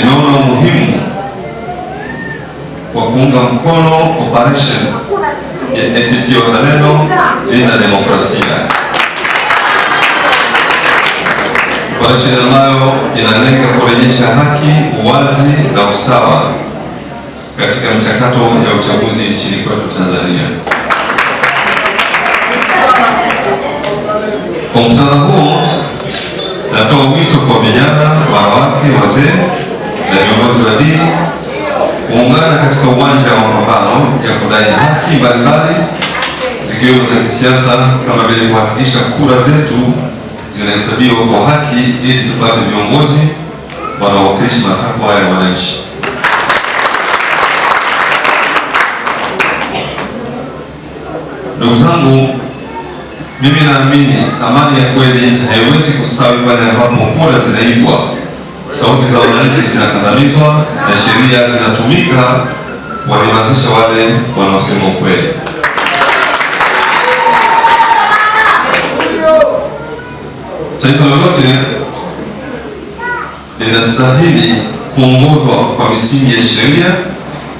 inaona umuhimu wa kuunga mkono operation ya ACT Wazalendo Linda Demokrasia, operation ambayo inalenga kurejesha haki, uwazi na usawa katika mchakato ya uchaguzi nchini kwetu Tanzania. Kwa mtazamo huo, natoa wito kwa vijana, wanawake, wazee na viongozi wa dini kuungana katika uwanja wa mapambano ya kudai haki mbalimbali zikiwemo za kisiasa kama vile kuhakikisha kura zetu zinahesabiwa kwa haki ili tupate viongozi wanaowakilisha matakwa ya wananchi. Ndugu zangu, mimi naamini amani ya kweli haiwezi kustawi pale ambapo kura zinaibwa sauti za wananchi zinakandamizwa na sheria zinatumika kuwanyamazisha wale wanaosema ukweli. Taifa lolote linastahili kuongozwa kwa misingi ya sheria,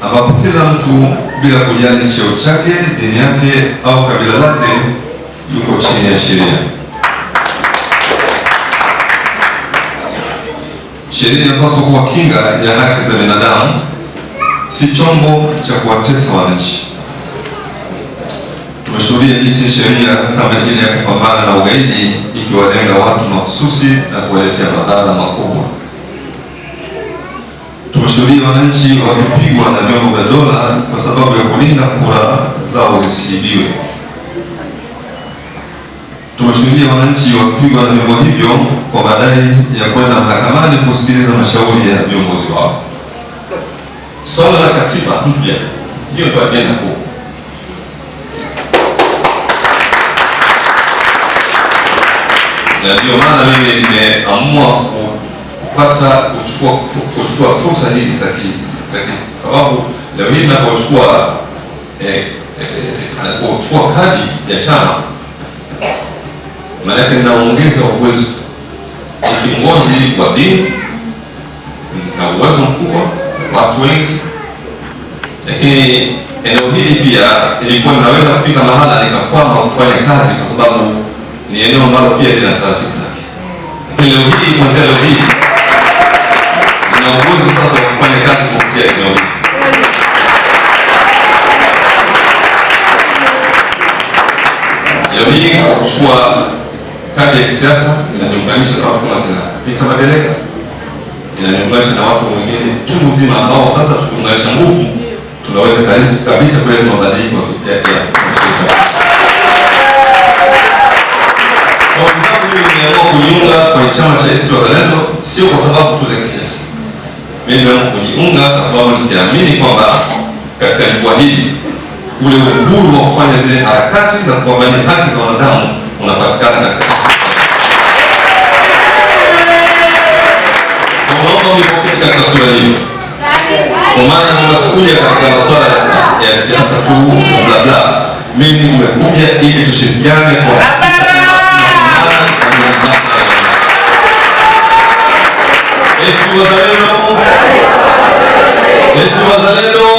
ambapo kila mtu bila kujali cheo chake, dini yake au kabila lake yuko chini ya sheria. Sheria inapaswa kuwa kinga ya haki za binadamu, si chombo cha kuwatesa wananchi. Tumeshuhudia jinsi sheria kama ile ya kupambana na ugaidi ikiwalenga watu mahususi na kuwaletea madhara makubwa. Tumeshuhudia wananchi wakipigwa na vyombo vya dola kwa sababu ya kulinda kura zao zisiibiwe. Tumeshuhudia wananchi wakipigwa na vyombo hivyo kwa madai ya kwenda mahakamani kusikiliza mashauri ya viongozi wao. Swala la katiba mpya, hiyo ndio ajenda kuu. Na ndio maana mimi nimeamua kupata kuchukua kuchukua fursa hizi za ki sababu leo hii napochukua eh, eh, kadi ya chama maanake naongeza uwezo kiongozi wa dini na uwezo mkubwa, watu wengi. Lakini eneo hili pia ilikuwa ninaweza kufika mahala nikakwama kufanya kazi, kwa sababu ni eneo ambalo pia lina taratibu zake. Leo hii kwanzia leo hii nina uwezo sasa wa kufanya kazi kupitia eneo hili. Leo hii kwa kuchukua kadi ya kisiasa inaniunganisha na watu kina Peter Madereka, inaniunganisha na watu wengine chungu mzima ambao sasa tukiunganisha nguvu tunaweza karibu kabisa kuleta mabadiliko ya Kwa nimeamua kujiunga kwenye chama cha ACT Wazalendo sio kwa sababu tu za kisiasa. Mimi nimeamua kujiunga kwa sababu nikiamini kwamba katika jukwaa hili ule uhuru wa kufanya zile harakati za kupambania haki za wanadamu unapatikana katika katika sura hiyo, kwa maana nimekuja katika masuala ya siasa tu bla bla. Mimi nimekuja ili tushirikiane kwa eti wazalendo, eti wazalendo